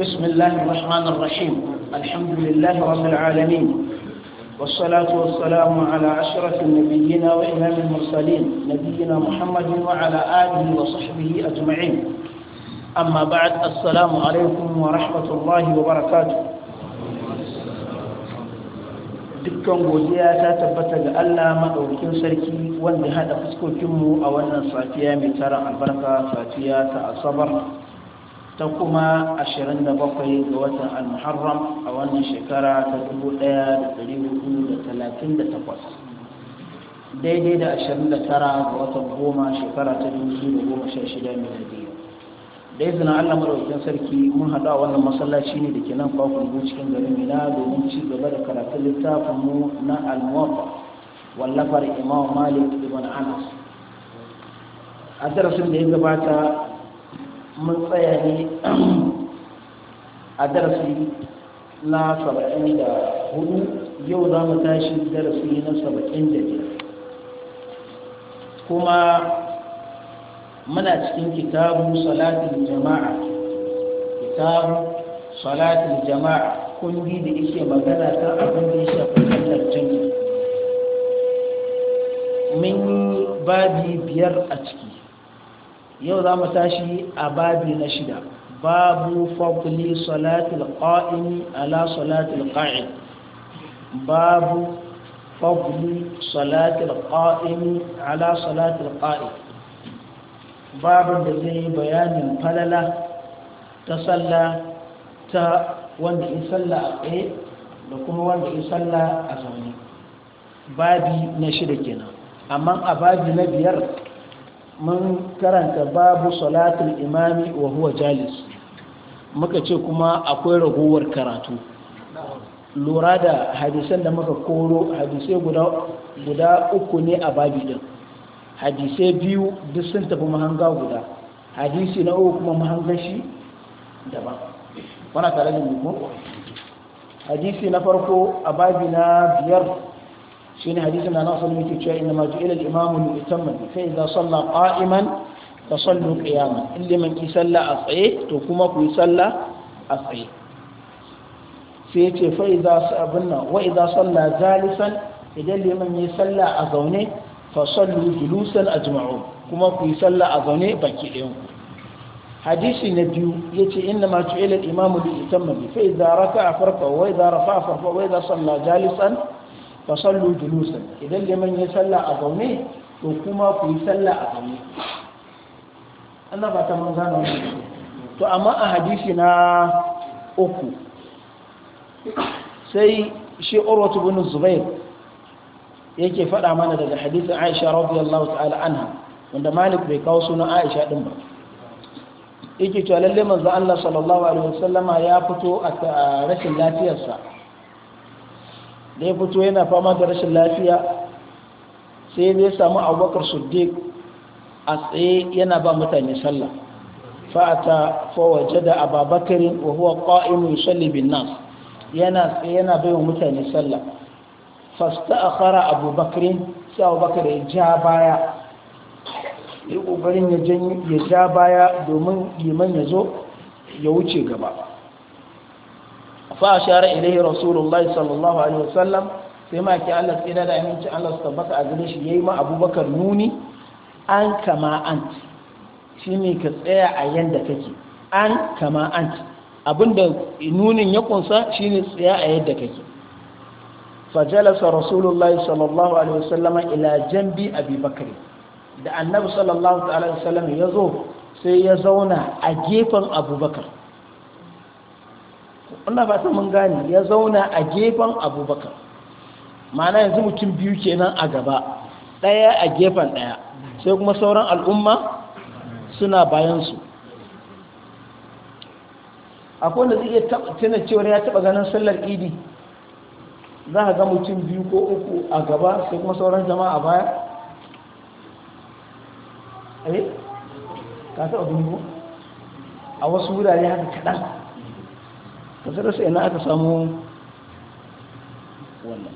بسم الله الرحمن الرحيم الحمد لله رب العالمين والصلاة والسلام على عشرة النبيين وإمام المرسلين نبينا محمد وعلى آله وصحبه أجمعين أما بعد السلام عليكم ورحمة الله وبركاته dukkan godiya ta tabbata ga Allah maɗaukin sarki wanda haɗa fuskokinmu a wannan safiya mai tara albarka safiya ta asabar ta kuma 27 ga watan al-muharram a wannan shekara ta 1438 daidai da 29 ga watan goma shekara ta 2016 miladiya da izinin allah maraukin sarki mun haɗu a wannan masallaci ne da ke nan kwakwun cikin garin mina domin ci gaba da karatun littafinmu na al-muwafa wallafar imam malik ibn anas a darasin da ya gabata mun tsaya ne a darasi na saba'in da hudu yau za mu tashi darasi na saba'in da biyar kuma muna cikin kitabu salatin jama'a kitabu salatin jama'a kundi da yake magana ta abin da ya shafi kallar jami'a mun yi babi biyar a ciki yau za mu tashi a babi na shida babu fadli salatul qa'imi ala salatul qa'id babu fadli salatul qa'imi ala salatul qa'id babin da zai bayanin falala ta salla ta wanda in salla a tsaye da kuma wanda in salla a zaune babi na shida kenan amma a babi na biyar mun karanta babu salatul imami wa huwa jalis muka ce kuma akwai ragowar karatu lura da hadisan da muka koro hadisai guda uku ne a babi din hadisai biyu duk sun tafi mahanga guda hadisi na uku kuma mahangan shi daban wana tare da mu hadisi na farko a babi na biyar shine hadisin da Anas bin Malik cewa inna ma ju'ila al-imamu li yutamma bi fa idza salla qa'iman fa sallu qiyaman inda man ki salla a tsaye to kuma ku yi salla a tsaye sai ce fa idza abunna wa idza salla jalisan idan liman yi salla a zaune fa sallu julusan ajma'u kuma ku yi salla a zaune baki ɗayan ku hadisi na biyu yace inna ma ju'ila al-imamu li yutamma bi fa idza raka'a farqa wa idza a farqa wa idza salla jalisan fasallu julusan idan liman ya salla a zaune to kuma ku yi salla a zaune ana ba ta manzana wani to amma a hadisi na uku sai shi urwatu bin zubair yake faɗa mana daga hadisin aisha radiyallahu ta'ala anha wanda malik bai kawo sunan aisha din ba yake cewa lalle manzo Allah sallallahu alaihi wasallama ya fito a rashin lafiyarsa da ya fito yana fama da rashin lafiya sai ya samu abubakar siddiq a tsaye yana ba mutane sallah fa'ata fawaje da ababakarin wa huwa qa'imun yusalli bin nas yana tsaye yana bai wa mutane sallah fasta akhara abubakarin sai abubakar ya ja baya ya ƙoƙarin ya ja baya domin liman ya zo ya wuce gaba fa ashara ilayhi rasulullahi sallallahu alaihi wasallam sai ma ki Allah tsira da aminci Allah su tabbata a gare shi yayi ma Abubakar nuni an kama an Shi ne ka tsaya a yanda kake an kama ant abinda nunin ya kunsa ne tsaya a yadda kake fajalasa rasulullahi sallallahu alaihi wasallama ila jambi Abubakar da annabi sallallahu alaihi wasallam ya zo sai ya zauna a gefen abubakar Allah ba mun gane ya zauna a gefen abubakar ma'ana yanzu mutum biyu kenan a gaba ɗaya a gefen ɗaya sai kuma sauran al'umma suna bayansu akwai wanda zai iya tuna cewar ya taɓa ganin sallar idi za a ga mutum biyu ko uku a gaba sai kuma sauran jama'a baya eh? ka taɓa dungu a wasu wurare haka kaɗan ta sarasa ina aka samu wannan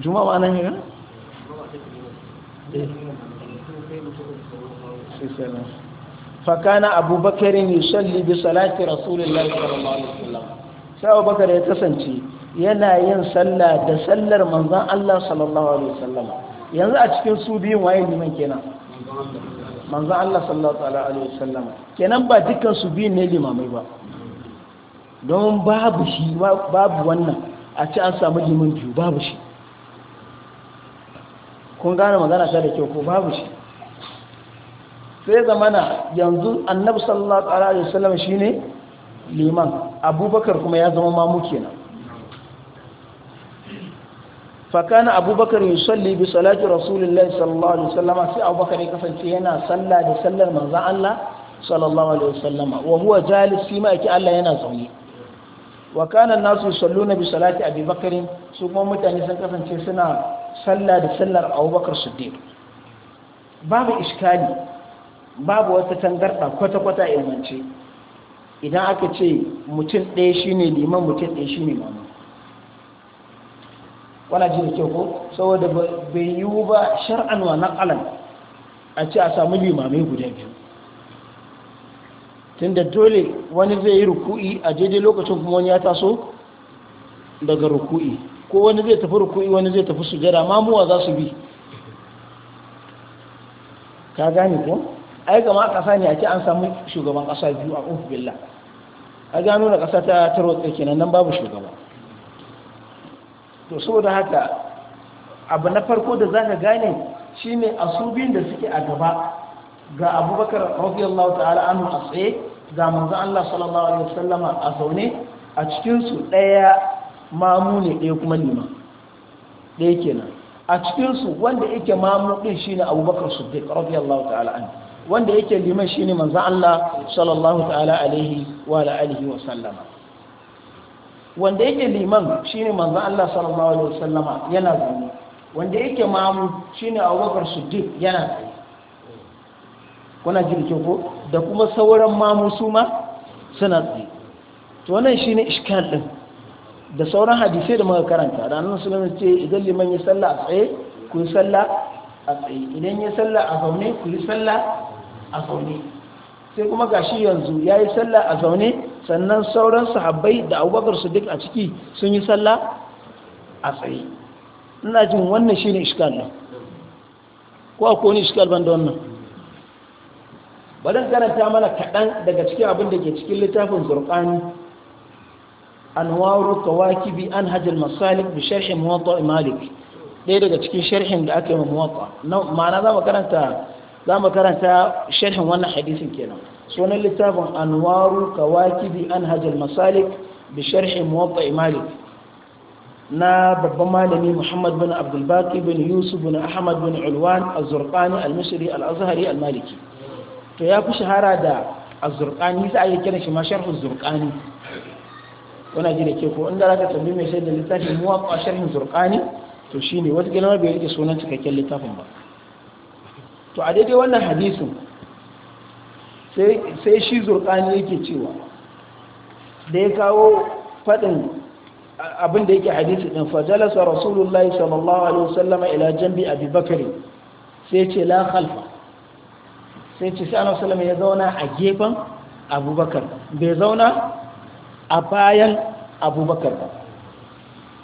juma ba nan ya eh. fakana abubakarin yusalli bi salati rasulullahi sallallahu alaihi wasallam sai ya kasance yana yin sallah da sallar manzon Allah sallallahu alaihi wasallam yanzu a cikin su biyun waye liman kenan manzon Allah sallallahu alaihi wasallam kenan ba dukkan su biyun ne limamai ba don babu shi babu wannan a ci an samu liman biyu babu shi kun gane magana ta da kyau ko babu shi sai zamana yanzu annabi sallallahu alaihi wasallam shine liman abubakar kuma ya zama mamu kenan fakana abubakar بكر يصلي بصلاة رسول الله صلى الله عليه وسلم سي أبو بكر يكفن سينا صلى بصلى من الله صلى الله عليه وسلم وهو جالس فيما يكي الله ينا wa kana nasu salluna bi salati abi su kuma mutane sun kasance suna sallah da sallar abubakar siddiq babu iskali babu wata tangarda kwata-kwata a yammanci idan aka ce mutum ɗaya shi ne liman mutum ɗaya shi ne mamu wana ji da kyau ko saboda bai yiwu ba shar'an wa nan alam a ce a samu limamai guda biyu tunda dole wani zai yi ruku'i a daidai lokacin kuma wani ya taso daga ruku'i ko wani zai tafi ruku'i wani zai tafi sujada mamuwa za su bi ka gane ko ai gama kasa ne ake an samu shugaban kasa biyu a uku billa a gano da kasa ta tarwatsa kenan nan babu shugaba to saboda haka abu na farko da zaka gane shine asubin da suke a gaba ga abubakar rafiyar ta'ala ala'anu a tsaye ga manzo Allah sallallahu alaihi wasallama a zaune a cikinsu ɗaya mamu ne daya kuma liman daya kenan a cikinsu wanda yake mamu shi ne Abubakar Siddiq radiyallahu ta'ala anhu wanda yake liman shi ne manzo Allah sallallahu ta'ala alaihi wa alihi wa sallama wanda yake liman shi ne manzo Allah sallallahu alaihi wa sallama yana zaune wanda yake mamu shi ne Abubakar Siddiq yana zaune kuna jirgin ko da kuma sauran mamu su ma suna tsaye to wannan shine iskal din da sauran hadisai da muka karanta da annabi sallallahu ce idan liman ya salla a tsaye ku yi salla a tsaye idan ya salla a zaune ku yi salla a zaune sai kuma gashi yanzu yayi salla a zaune sannan sauran sahabbai da Abubakar Siddiq a ciki sun yi salla a tsaye ina jin wannan shine iskal din ko akwai wani iskal banda da wannan barin karanta mana kaɗan daga cikin abin da ke cikin littafin zurƙani anwaru kawakibi an hajjal masalik bi sharhin muwatta malik ɗaya daga cikin sharhin da aka yi muwatta ma'ana za mu karanta za mu karanta sharhin wannan hadisin kenan sunan littafin anwaru kawakibi an hajjal masalik bi sharhin muwatta malik na babban malami muhammad bin abdulbaki bin yusuf bin ahmad bin ulwan az-zurqani al-misri al-azhari al-maliki to ya fi shahara da azurkani za a yi kira shi ma sharhu zurkani wana ji da ke ko inda za ka tambi mai shaidar littafin muwa a sharhin zurƙani? to shi ne wata gina bai rike sunan cikakken littafin ba to a daidai wannan hadisi sai shi zurkani yake cewa da ya kawo faɗin abin da yake hadisi ɗin fajalasa rasulullahi sallallahu alaihi wasallama ila jambi abubakar sai ce la khalfa sai ce sai annabi ya zauna a gefen abubakar bai zauna a bayan abubakar ba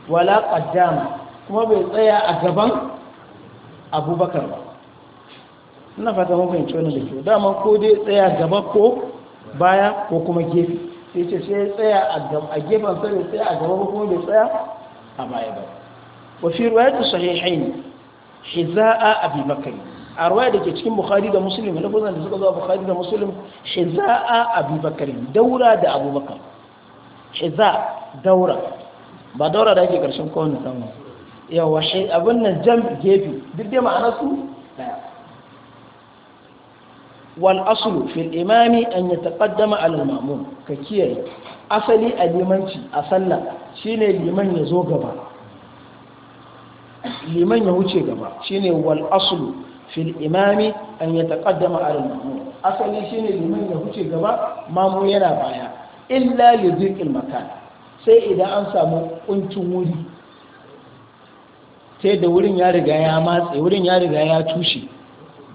wala qaddama kuma bai tsaya a gaban abubakar ba ina fata mun fahimci wannan da kyau dama ko dai tsaya gaba ko baya ko kuma gefe sai ce sai tsaya a gefen sai tsaya a gaba ko kuma bai tsaya a baya ba wa fi riwayat sahihain hiza'a abubakar a ruwaya da ke cikin bukhari da musulun lafazan da suka zo bukhari da musulun. za a abubakar daura da abubakar za daura ba daura da ake karshen kowane samu yawa shi abin nan jam gefe duk dai ma'ana su wal asulu fil imami an yataqaddama al ma'mum ka kiyaye asali a limanci a sallah shine liman ya zo gaba liman ya wuce gaba shine wal asulu fil imami an ya taqaddama ala al-ma'mum asali shine liman ya huce gaba mamu yana baya illa yudhiqil makan sai idan an samu kuncin wuri sai da wurin ya riga ya matse wurin ya riga ya tushe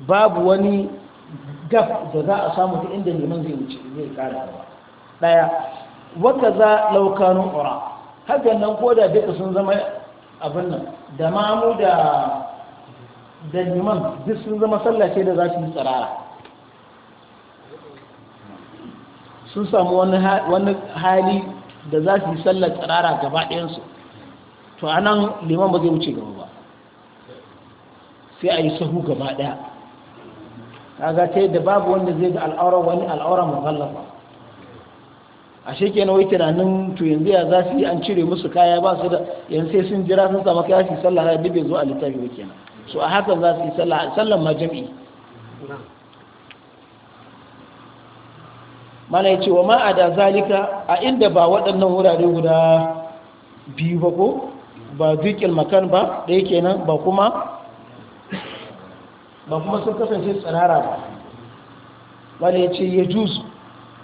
babu wani gaf da za a samu ta inda liman zai wuce zai kara gaba daya waka za laukanun ura hakan nan ko da duka sun zama abin nan da mamu da da liman duk sun zama sallah ce da za su yi tsirara sun samu wani hali da za su yi sallar tsirara gaba ɗayansu to a nan liman ba zai wuce gaba ba sai a yi sahu gaba ɗaya kaga ta yadda babu wanda zai ga al'aura wani al'aura muhallafa ashe na wai tunanin to yanzu ya za an cire musu kaya ba su da yanzu sai sun jira sun samu kaya su sallah da bai zo a littafi ba kenan so a hakan za su yi sallah sallan ma jami'i mana ya ce wa ma a da zalika a inda ba waɗannan wurare guda biyu ba ko ba dukkan makan ba da yake nan ba kuma ba kuma sun kasance tsirara ba wani ya ce ya juzu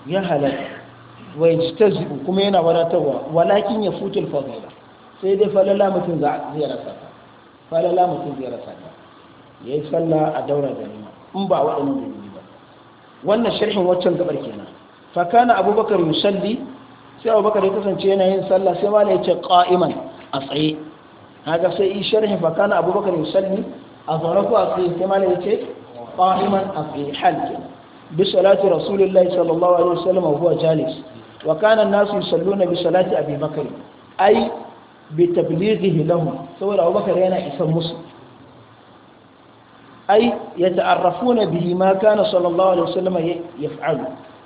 ya halatta wa yajtazi kuma yana wadatarwa walakin ya futul fadila sai dai falala mutum zai rasa falala mutum zai rasa ya yi sallah a daura ganima in ba waɗannan dalili ba wannan sharhin waccan gabar kenan Fakana abubakar Musalli. sai abubakar ya kasance yana yin sallah sai ma ya ce qa'iman a tsaye haka sai yi sharhin fakana abubakar Musalli a farko a tsaye sai ma ya ce qa'iman a tsaye hal kenan bi salati rasulillahi sallallahu alaihi wasallam huwa jalis wa kana nasu yusalluna bi salati abi bakr ai bi tablighihi lahum saboda abubakar yana isan musu ai yata'arrafuna bihi ma kana sallallahu alaihi wasallam yaf'alu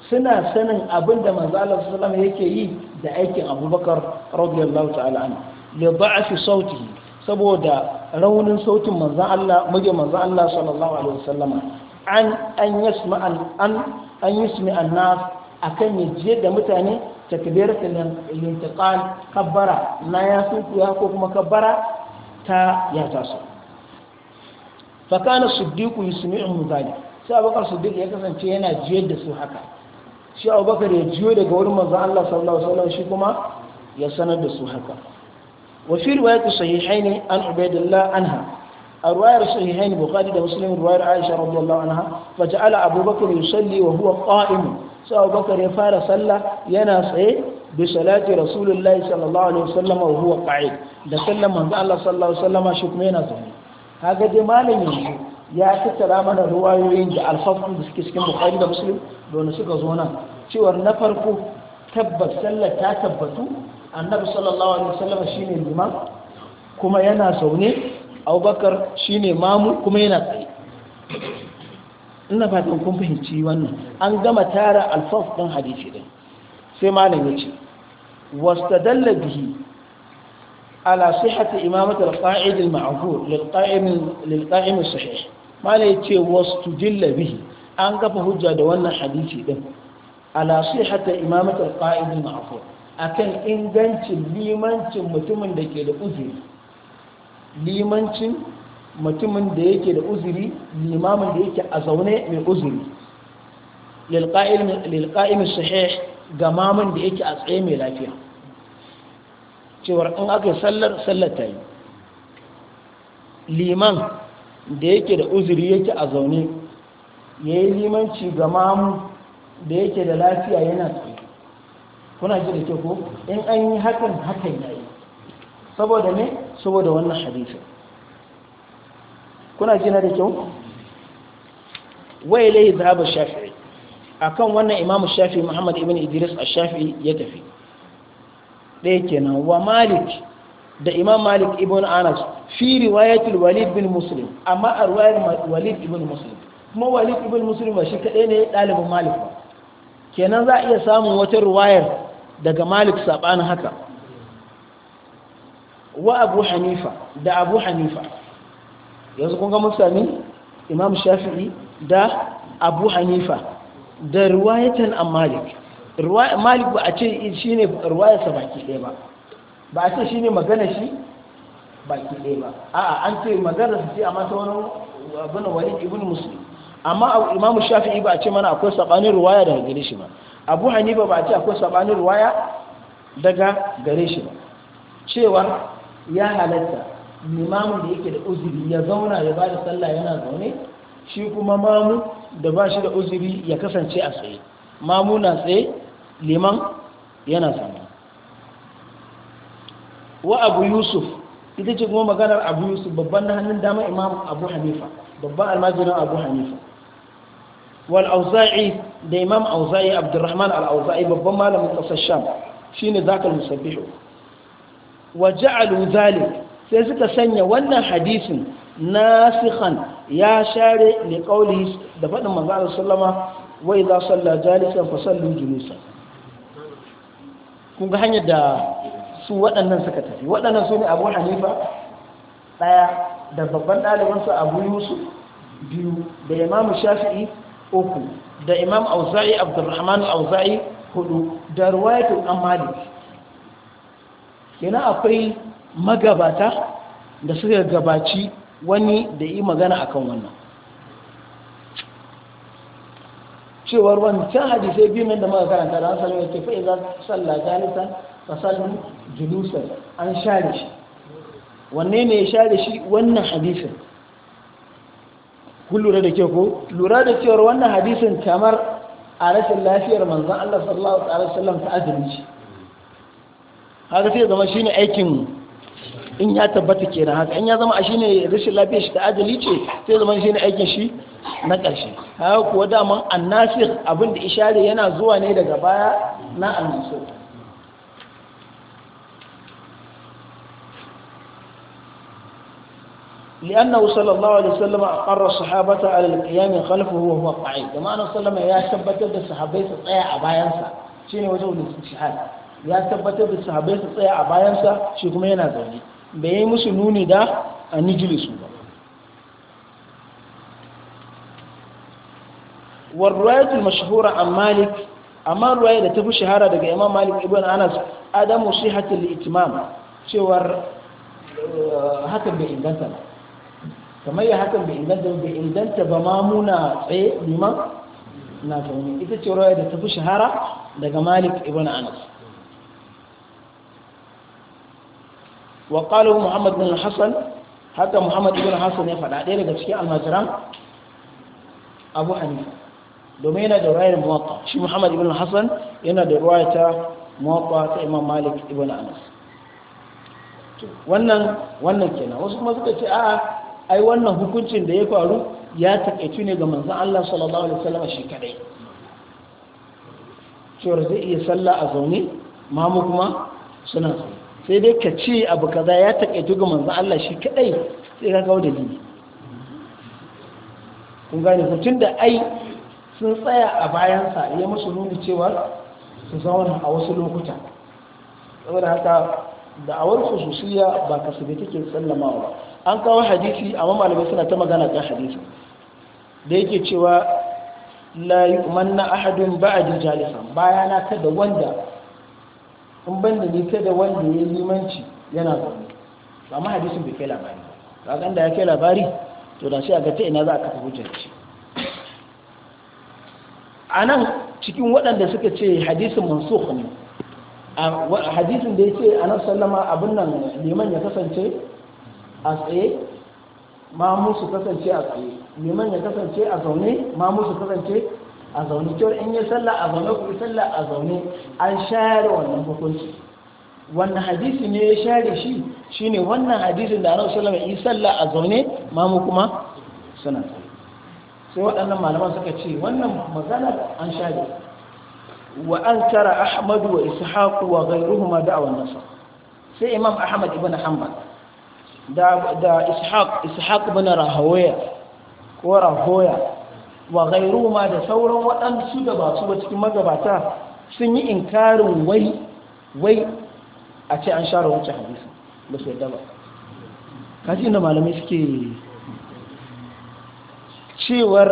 suna sanin abinda da manzo Allah sallallahu alaihi yake yi da aikin abubakar radiyallahu ta'ala anhu li da'fi sautihi saboda raunin sautin manzon Allah muje manzon Allah sallallahu alaihi wasallama an an yasma an an yasmi an-nas akan ya je da mutane takbiratul intiqal kabbara na ya sunkuya ko kuma kabbara ta ya taso fa kana siddiq yusmi'u dhalik sai abubakar siddiq ya kasance yana jiyar da su haka shi abubakar ya jiyo daga wurin manzo Allah sallallahu alaihi wasallam shi kuma ya sanar da su haka wa fi riwayat sahihain an ubaidillah anha الرواية الصحيحين البخاري ومسلم رواية عائشة رضي الله عنها فجعل أبو بكر يصلي وهو قائم sai bakar ya fara sallah yana tsaye bi salati rasulullahi sallallahu alaihi wasallam wa huwa qa'id da sallan manzo Allah sallallahu alaihi wasallam shi kuma yana zaune kaga dai malami yanzu ya tattara mana ruwayoyin da alfafun da suke cikin bukhari da muslim don suka zo nan cewa na farko tabbas sallah ta tabbatu annabi sallallahu alaihi wasallam shine limam kuma yana zaune abubakar shine mamu kuma yana tsaye ina fatan kun fahimci wannan an gama tara alfaf ɗin hadisi ɗin sai malam ya ce wastadalla bihi ala sihhati imamatu al-qa'id al-ma'qul lil-qa'im lil-qa'im sahih malam ya ce bihi an kafa hujja da wannan hadisi ɗin ala sihhati imamatu al-qa'id al-ma'qul akan ingancin limancin mutumin da ke da uzuri limancin mutumin da yake da uzuri limamin da yake a zaune mai uzuri lilqa'imin sahih ga mamun da yake a tsaye mai lafiya cewar in aka sallar sallar ta yi liman da yake da uzuri yake a zaune ya yi limanci ga mamu da yake da lafiya yana tsaye kuna ji da ke ko in an yi hakan hakan ya yi saboda ne saboda wannan hadisin kuna jina da kyau wai lai zaba shafi'i akan wannan imamu shafi'i muhammad ibn idris a shafi ya tafi ɗaya kenan wa malik da imam malik ibn anas fi riwayatul walid bin muslim amma a riwayar walid ibn muslim kuma walid ibn muslim ba shi kaɗai ne ɗalibin malik ba kenan za a iya samun wata riwayar daga malik saɓanin haka wa abu hanifa da abu hanifa yanzu kun ga mun sami imam shafi'i da abu hanifa da riwayatan an malik malik ba a ce shi ne riwayarsa baki ɗaya ba ba a ce shi ne magana shi baki ɗaya ba a'a an ce magana su ce a mata wani abin walid ibn muslim amma imam shafi'i ba a ce mana akwai sabanin riwaya daga gare shi ba abu hanifa ba a ce akwai sabanin riwaya daga gare shi ba cewa ya halatta limamin da yake da uzuri ya zauna ya ba da sallah yana zaune shi kuma mamu da ba shi da uzuri ya kasance a tsaye mamu na tsaye liman yana zaune wa abu yusuf ita ce kuma maganar abu yusuf babban na hannun dama imam abu hanifa babban almajirin abu hanifa wal auza'i da imam auza'i abdurrahman al auza'i babban malamin kasar sham shine zakal musabbihu wa ja'alu zalik sai suka sanya wannan hadisin sikhan ya share ne kauli da fadin manzo sallama wa idza salla jalisan fa sallu kun ga hanyar da su waɗannan suka tafi waɗannan su ne abu hanifa ɗaya da babban ɗalibansa abu yusuf biyu da imam shafi'i uku da imam auza'i abdurrahman auza'i hudu da ruwayatul amali yana akwai magabata da suka gabaci wani da yi magana akan wannan cewar wancan hadisai biyu nan da maka karanta da hasalin ya tafi idan sallah ta fasalin julusar an share shi wanne ne ya share shi wannan hadisin kun lura da ke ko lura da cewar wannan hadisin kamar a rashin lafiyar manzan Allah sallallahu alaihi wasallam ta azumi shi haka sai zama ne aikin in ya tabbata kenan haka in ya zama a shine rashin lafiyar shi ta ajali ce sai zama shine aikin shi na ƙarshe haka kuwa daman annasir abin da ishare yana zuwa ne daga baya na annasu لأنه صلى الله عليه وسلم أقر الصحابة على القيام خلفه وهو قاعد كما أنه صلى الله عليه وسلم يثبت الصحابة تطيع أبايانسا شيء وجه الاستشهاد ya tabbatar da sahabai su tsaya a bayansa shi kuma yana zaune bai yi musu nuni da a nijilisu ba warruwayatul mashahura an malik amma ruwaya da ta fi shahara daga imam malik ibn anas adamu shi hatin litimam cewar eh, hakan bai inganta ba kamar ya hakan bai inganta bai inganta ba ma muna tsaye liman na zaune ita ce ruwaya da ta fi shahara daga malik ibn anas wa muhammad bin Hassan, haka muhammad bin Hassan ya faɗa ɗaya daga cikin almajiran abu hannu domin yana da rayar muwatta shi muhammad bin Hassan yana da ruwa ta muwatta ta imam malik ibn anas wannan wannan kenan wasu kuma suka ce a'a ai wannan hukuncin da ya faru ya taƙaitu ne ga manzan Allah sallallahu alaihi wasallam shi kadai cewar zai iya sallah a zaune mamu kuma suna zaune sai dai ka ce abu kaza ya taƙaitu ga manzan Allah shi kaɗai sai ka kawo dalili kun gane hutun da ai sun tsaya a bayan sa ya musu nuni cewa su zauna a wasu lokuta saboda haka da'awar khususiyya ba su take sallamawa ba an kawo hadisi amma malamai suna ta magana kan hadisi da yake cewa la yu'manna ahadun ba'da jalisan bayana ta da wanda in ban da ni da wanda ya yi limanci yana zaune amma hadisin bai kai labari ba kan da ya kai labari to da shi a ga ina za a kafa hujjar ci a nan cikin waɗanda suka ce hadisin mansukh ne hadisin da ya ce a nan sallama abin nan liman ya kasance a tsaye ma musu kasance a tsaye liman ya kasance a zaune ma musu kasance a zaune kyau in yi sallah a zaune ku sallah a zaune an share wannan hukunci wannan hadisi ne ya share shi shine wannan hadisin da annabi sallallahu alaihi wasallam sallah a zaune mamu kuma suna sai waɗannan malaman suka ce wannan magana an share wa an tara ahmad wa ishaq wa ghayruhuma da'wa nasr sai imam ahmad ibn hanbal da da ishaq ishaq ibn rahawiya ko rahoya wa ma da sauran waɗansu da ba su ba cikin magabata sun yi inkarin wai wai a ce an share wuce hadisi ba su yadda ba kaji inda malamai suke cewar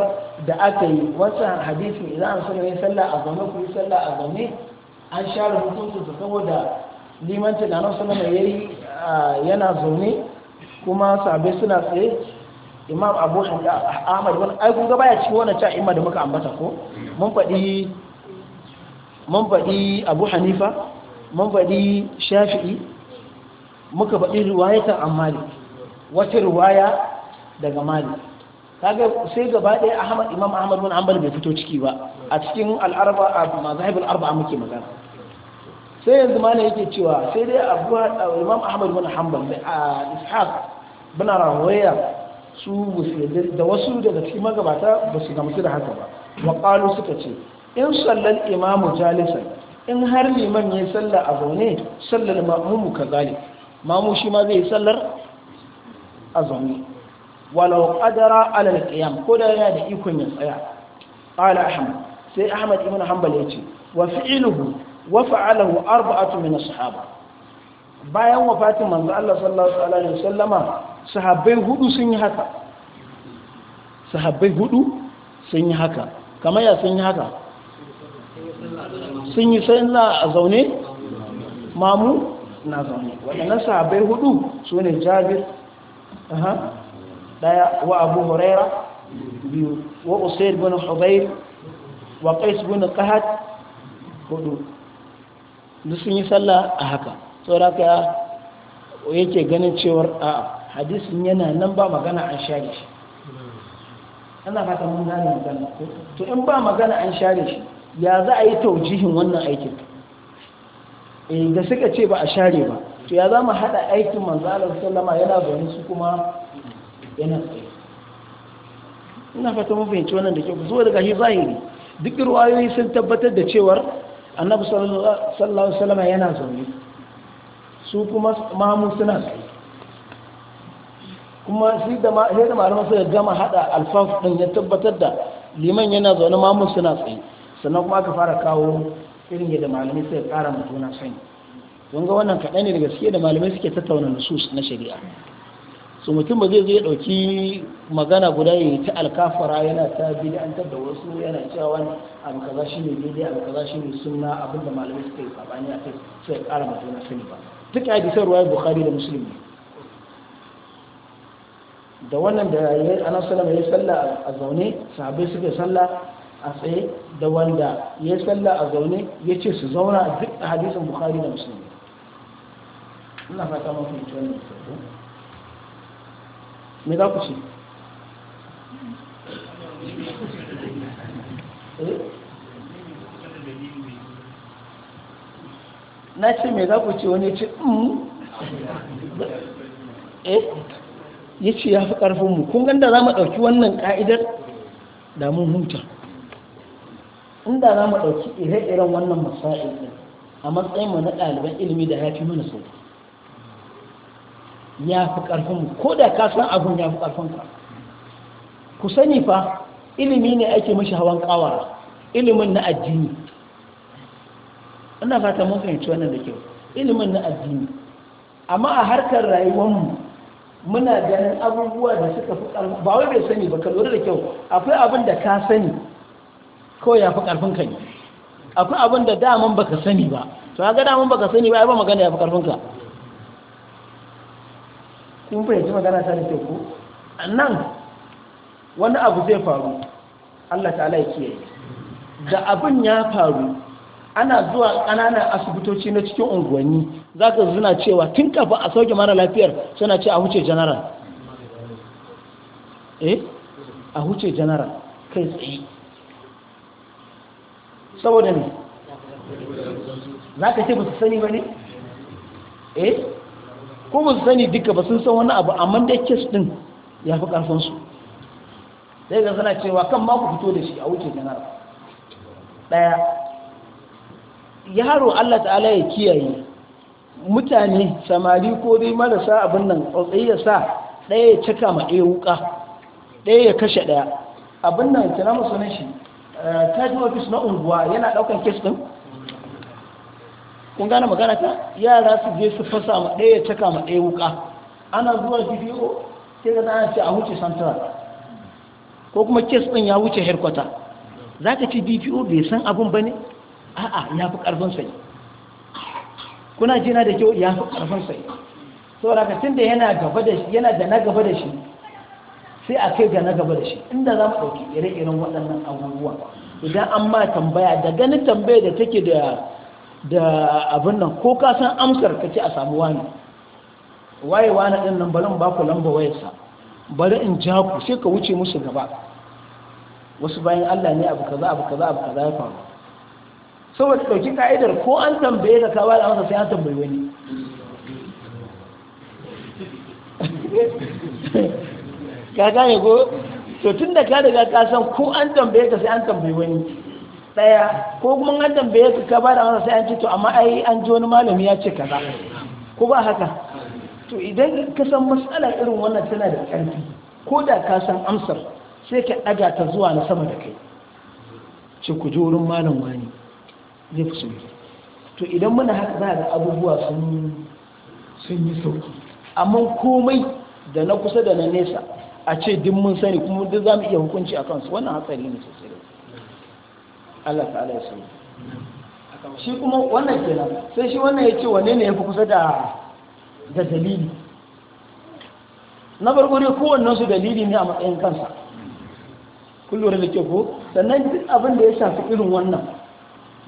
da aka yi wancan hadisi idan an sanya yin sallah a zame ku yi sallah a zame an share hukuncin su saboda limanci da nan sallama ya yana zaune kuma sabai suna tsaye imam abu ahmad wani aiko gaba ya ci wani imar da muka ambata ko mun faɗi abu hanifa mun faɗi shafi'i muka faɗi riwayatan amali wata riwaya daga mali sai gaba ɗaya ahmad imam ahmad wani hanbal bai fito ciki ba a cikin al'arba arba arba'a muke magana sai yanzu mana yake cewa sai dai abu imam ahmad bin hanbal a ishaq bin rahoyar su musulmi da wasu daga cikin magabata ba su gamsu da haka ba waƙalu suka ce in sallar imamu jalisan in har liman ya sallar a zaune sallar ma'amu ka gane mamu shi ma zai sallar a zaune walau ƙadara alal ƙiyam ko da yana da ikon ya tsaya ƙala ahmad sai ahmad ibn hanbal ya ce wa fi'iluhu wa fa'alahu arba'atu min ashaba bayan wafatin manzo Allah sallallahu alaihi wasallama sahabbai hudu sun yi haka sahabbai hudu sun yi haka kamar ya sun yi haka sun yi sallah a zaune mamu na zaune waɗannan sahabbai hudu su ne jabir daya wa abu huraira biyu wa usair bin hubair wa qais bin qahat hudu duk sun yi sallah a haka saboda ka yake ganin cewar a'a hadisin yana nan ba magana an share shi ana fata mun gane magana to in ba magana an share shi ya za a yi taujihin wannan aikin eh da suka ce ba a share ba to ya za mu haɗa aikin Allah sallama yana bayan su kuma yana tsaye ina fata mun fahimci wannan da kyau zuwa daga shi zahiri duk ruwayoyi sun tabbatar da cewar annabi sallallahu alaihi wasallam yana zaune su kuma mamu suna tsaye kuma shi da ma sai da malaman suka gama hada alfaf din ya tabbatar da liman yana zaune mamun suna tsaye sannan kuma aka fara kawo irin yadda malamai ya kara mutu na sani don ga wannan kaɗan ne daga suke da malamai suke tattauna nusus na shari'a so mutum ba zai zo ya ɗauki magana guda ya ta alkafara yana ta bid'antar da wasu yana cewa wani abu kaza shi ne daidai abu kaza shi ne sunna abin da malamai suke yi sabani a kai sai ya ƙara mutu na sani ba duk hadisan ruwayar bukhari da musulmi. ne da wannan da annabi sallallahu alaihi sallah a zaune sahabbai suka sallah a tsaye da wanda ya sallah a zaune ya ce su zauna a duk hadisin bukhari da musulmi ina fata mafi ita wannan sarko me za ku ce eh? na ce me za ku ce wani ce mm. eh ya ce ya fi ƙarfinmu kun ganda za mu ɗauki wannan ƙa'idar da mun huta inda za mu ɗauki ire-iren wannan masa'il ɗin a matsayinmu na ɗaliban ilimi da ya fi mana sau ya fi ƙarfinmu ko da ka san abin ya fi ƙarfinka ku sani fa ilimi ne ake mashi hawan ƙawara ilimin na addini ina fata mun fahimci wannan da kyau ilimin na addini amma a harkar rayuwarmu muna ganin abubuwa da suka fi ƙarfin ba wai bai sani ba ka lura da kyau akwai abin da ka sani kawai ya fi ƙarfin ka ne akwai abin da daman baka sani ba to ga daman baka sani ba ai ba magana ya fi ƙarfin ka kun fahimci magana ta da kyau ko nan wani abu zai faru Allah ta'ala ya kiyaye da abin ya faru ana zuwa ƙananan asibitoci na cikin unguwanni za ka suna cewa tun kafa a sauke mara lafiyar suna ce a huce janaral eh a huce janaral kai tsaye saboda ne za ka ce ba su sani ba ne eh ko ba su sani duka ba sun san wani abu amma da kes din ya fi karfinsu sai ga suna cewa kan ma ku fito da shi a wuce janaral ɗaya yaro Allah ta'ala ya kiyaye mutane samari ko dai marasa abin nan tsautsayi ya sa ɗaya ya cika ma ɗaya wuka ɗaya ya kashe ɗaya abin nan kira musu na shi eh, tajin ofis na unguwa yana ɗaukan kes ɗin kun gane magana ta yara su je su fasa ma ɗaya ya cika ma ɗaya wuka ana zuwa bidiyo sai ga zana ce a wuce central ko kuma kes ɗin ya wuce herkwata za ka ci dpo bai san abin ba ne a'a ya fi ƙarfin sai. kuna ji na da kyau ya fi karfin sai da ka da yana gaba da shi yana da na gaba da shi sai a kai ga na gaba da shi inda za mu ɗauki ire-iren waɗannan abubuwa idan an ma tambaya da gani tambaya da take da da abin nan ko ka san amsar ka ce a samu wani waye wani ɗin nan bari ba ku lamba wayarsa bari in ja ku sai ka wuce musu gaba wasu bayan Allah ne abu kaza abu kaza abu kaza ya faru saboda ɗauki ka'idar ko an tambaye ka kawai da amsa sai an tambayi wani ka gane ko to tun da ka daga ka san ko an tambaye ka sai an tambayi wani ɗaya ko kuma an tambaye ka kawai da amsa sai an ce to amma ai an ji wani malami ya ce kaza ko ba haka to idan ka san matsalar irin wannan tana da ƙarfi ko da ka san amsar sai ka ɗaga ta zuwa na sama da kai ce ku ji wurin malam wani zai fi sauki to idan muna haka za ga abubuwa sun yi sauki amma komai da na kusa da na nesa a ce duk mun sani kuma duk za mu iya hukunci a kansu wannan hatsari ne sosai Allah ta'ala ya sani shi kuma wannan kenan sai shi wannan ya ce wane ne ya fi kusa da dalili na farko dai kowannen su dalili ne a matsayin kansa kullum da ke ko sannan duk abin da ya shafi irin wannan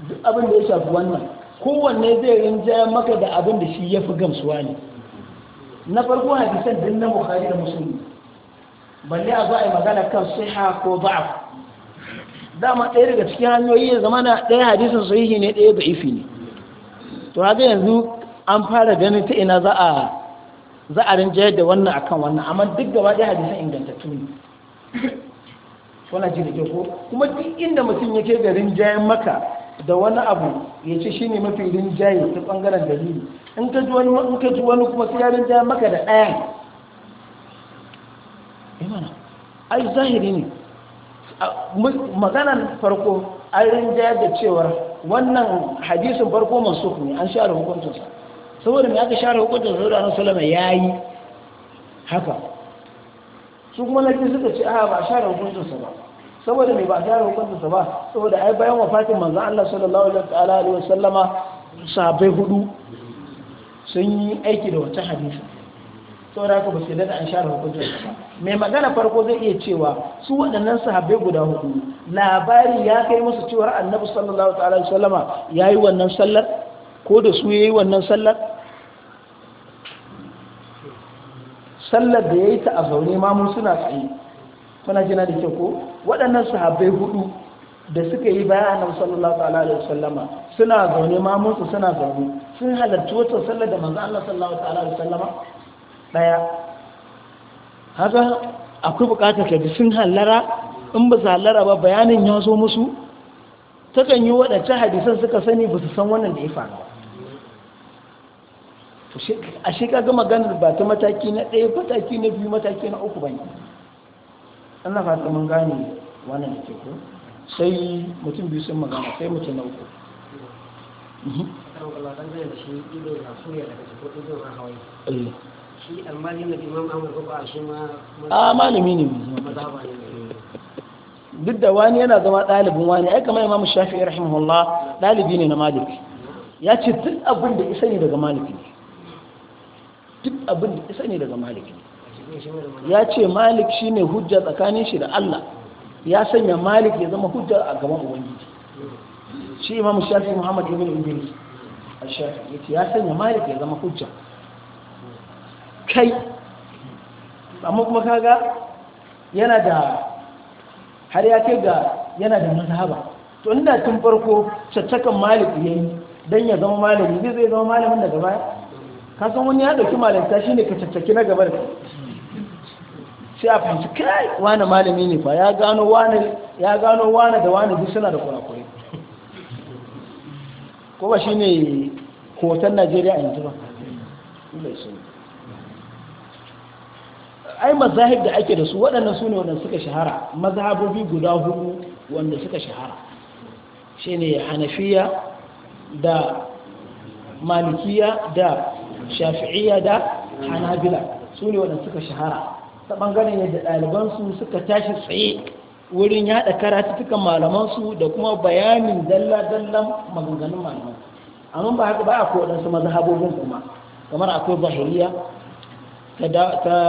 duk abin da ya shafi wannan kowanne zai rinja maka da abin da shi ya fi gamsuwa ne na farko hadisan din na bukari da musulmi balle a zo a yi magana kan siha ko ba'af dama ɗaya daga cikin hanyoyi ya zama na ɗaya hadisin sahihi ne ɗaya da ifi ne to haka yanzu an fara ganin ta ina za a za a rinja da wannan akan wannan amma duk gaba ɗaya hadisan ingantattu ne wannan ji ko kuma duk inda mutum yake garin rinjayen maka da wani abu ya ce shi ne mafi rinjaye ta ɓangaren dalili in ka ji wani in ka ji wani kuma sai ya rinjaye maka da ɗaya imana eh ai zahiri ne maganan farko an rinjaye da cewar wannan hadisin farko masu ne an share hukuntunsa saboda mai aka share hukuncin saboda na salama ya yi haka su kuma na suka ce a ba a share hukuntunsa ba saboda mai ba a gyara hukuncinsa ba saboda ai bayan wafatin manzan Allah sallallahu alaihi wasallama sahabbai hudu sun yi aiki da wata hadisi saboda haka ba sai da an share hukuncinsa ba mai magana farko zai iya cewa su waɗannan sahabbai guda hudu labari ya kai musu cewar annabi sallallahu alaihi wasallama ya yi wannan sallar ko da su ya yi wannan sallar sallar da ya yi ta a zaune mamun suna tsaye kuna jina da kyau ko waɗannan sahabbai hudu da suka yi baya sallallahu alaihi wasallama suna zaune ma musu suna zaune sun halarci wata sallar da manzo Allah sallallahu alaihi wasallama daya haka akwai bukatar ka sun hallara in ba su hallara ba bayanin ya zo musu takan yi waɗancan hadisan suka sani ba su san wannan da ya faru a kaga maganar ba ta mataki na ɗaya mataki na biyu mataki na uku ba ne Allah fata mun gane wannan da ke ko sai mutum biyu sun magana sai mutum na uku mhm. eh. a ah, malami ne duk da wani yana zama ɗalibin wani ai kamar imam shafi'i rahimahullah ɗalibi ne na maliki ya ce duk abin da isa ne daga maliki duk abin da isa ne daga maliki ne ya ce malik shine hujja tsakanin shi da Allah ya sanya malik ya zama hujja a gaban ubangiji shi imam shafi muhammad ibn idris al-shafi yace ya sanya malik ya zama hujja kai amma kuma kaga yana da har ya kai ga yana da mazhaba to inda tun farko caccakan malik yi dan ya zama malami zai zai zama malamin daga baya ka san wani ya dauki malinta shine ka caccaki na gaba da sai a fahimci kai wani malami ne fa ya gano wane da wani duk suna da kwanakwai ko ba shi ne hoton najeriya a yanzu ba ai mazahib da ake da su waɗannan su ne waɗanda suka shahara mazahabobi guda hudu wanda suka shahara shi ne hanafiya da malikiya da shafi'iya da hanabila su ne waɗanda suka shahara ta ɓangaren yadda ɗalibansu suka tashi tsaye wurin yaɗa karatutukan malamansu da kuma bayanin dalla-dallan maganganun malaman amma ba haka ba a kowaɗansu mazhabobin kuma kamar akwai zahiriya ta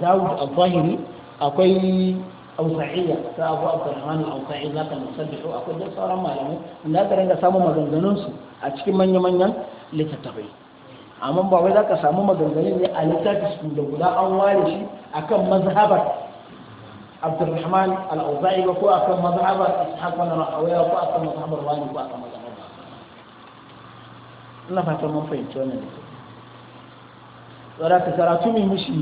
dawud al-zahiri akwai ausa'iyya ta abu abdurrahman al-ausa'i za ka musabbihu akwai da sauran malamai inda ka rinka samun maganganunsu a cikin manya-manyan littattafai amma ba wai za ka samu maganganun ne a littafi su da guda an ware shi akan mazhabar abdurrahman al-auza'i ba ko akan mazhabar ishaq wani ra'awaya ko akan mazhabar wani ko akan mazhabar ina fata mun fahimci wannan da tsara ka karatu mai mishi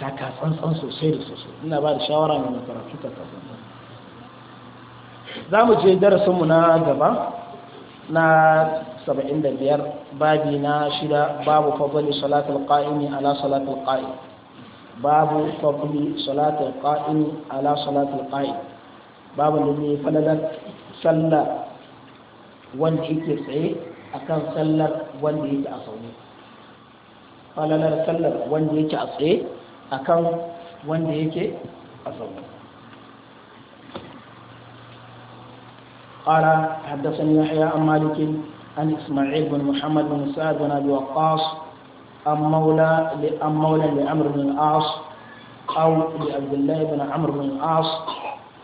taka tsantsan sosai da sosai ina ba da shawara mai karatu taka tsantsan za mu je darasinmu na gaba na 75 babi na shida babu fadli salatul qa'imi ala salatul qa'im babu fadli salatul qa'imi ala salatul qa'im babu ne ne falalar sallar wanda yake tsaye akan sallar wanda yake a sauni falalar sallar wanda yake a tsaye akan wanda yake a قال حدثني يحيى عن مالك عن إسماعيل بن محمد بن سعد بن أبي وقاص أم مولى أم مولى لعمرو بن العاص أو لعبد الله بن عمرو بن العاص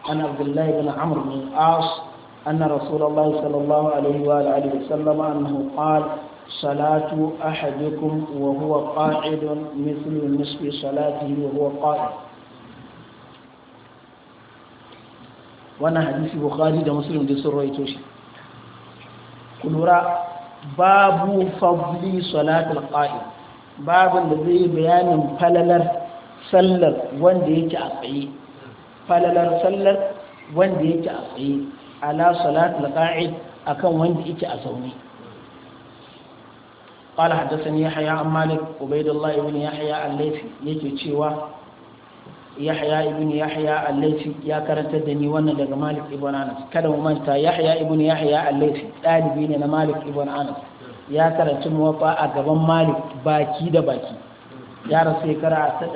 عن عبد الله بن عمرو بن العاص أن رسول الله صلى الله عليه وآله وسلم أنه قال صلاة أحدكم وهو قاعد مثل نصف صلاته وهو قائم wannan hadisi bukhari da muslim duk sun rawaito shi ku lura babu fadli salatul qa'im babin da zai bayanin falalar sallar wanda yake a tsaye falalar sallar wanda yake a tsaye ala salatul qa'id akan wanda yake a zaune قال حدثني يحيى عن مالك عبيد الله بن يحيى الليثي yake cewa yahya ibn yahya al-laythi ya karanta da ni wannan daga malik ibn anas kada mu manta yahya ibn yahya al-laythi dalibi ne na malik ibn anas ya mu muwaffa a gaban malik baki da baki ya rasu shekara ta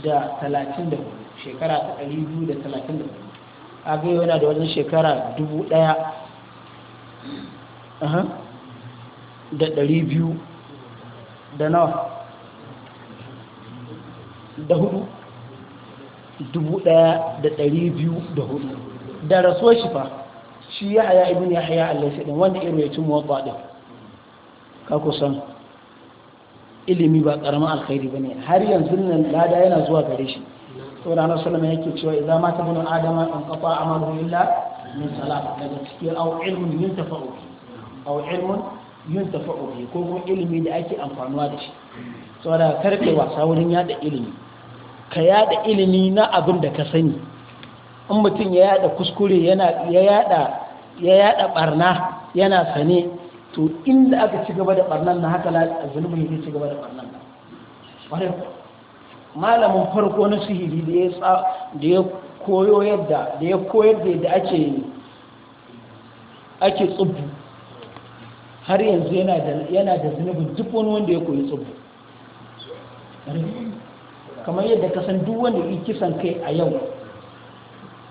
234 shekara ta 234 a ga yana da wajen shekara 1000 aha da biyu da nawa da hudu 1204 da rasuwar shi fa shi ya haya ibn ya haya allaisi ɗin wanda irin ya ci muwatsa ɗin ka kusan ilimi ba ƙaramin alkhairi ba ne har yanzu nan lada yana zuwa gare shi saboda na sallama yake cewa idan ta bin adama an kafa amalu illa min salat daga cikin au ilmin yuntafa'u au ilmin yuntafa'u ko kuma ilimi da ake amfanuwa da shi saboda karɓe wasa wurin yada ilimi ka yada ilimi na abin da ka sani in mutum ya yada kuskure yana ya yada ya yada barna yana sane to inda aka ci gaba da barnan na haka zulmi ya ci gaba da barnan na malamin farko na sihiri da ya da ya koyo yadda da ya koyar da yadda ake ake tsubu har yanzu yana da yana da zunubin duk wani wanda ya koyi tsubu kamar yadda ka san duk wanda yake kisan kai a yau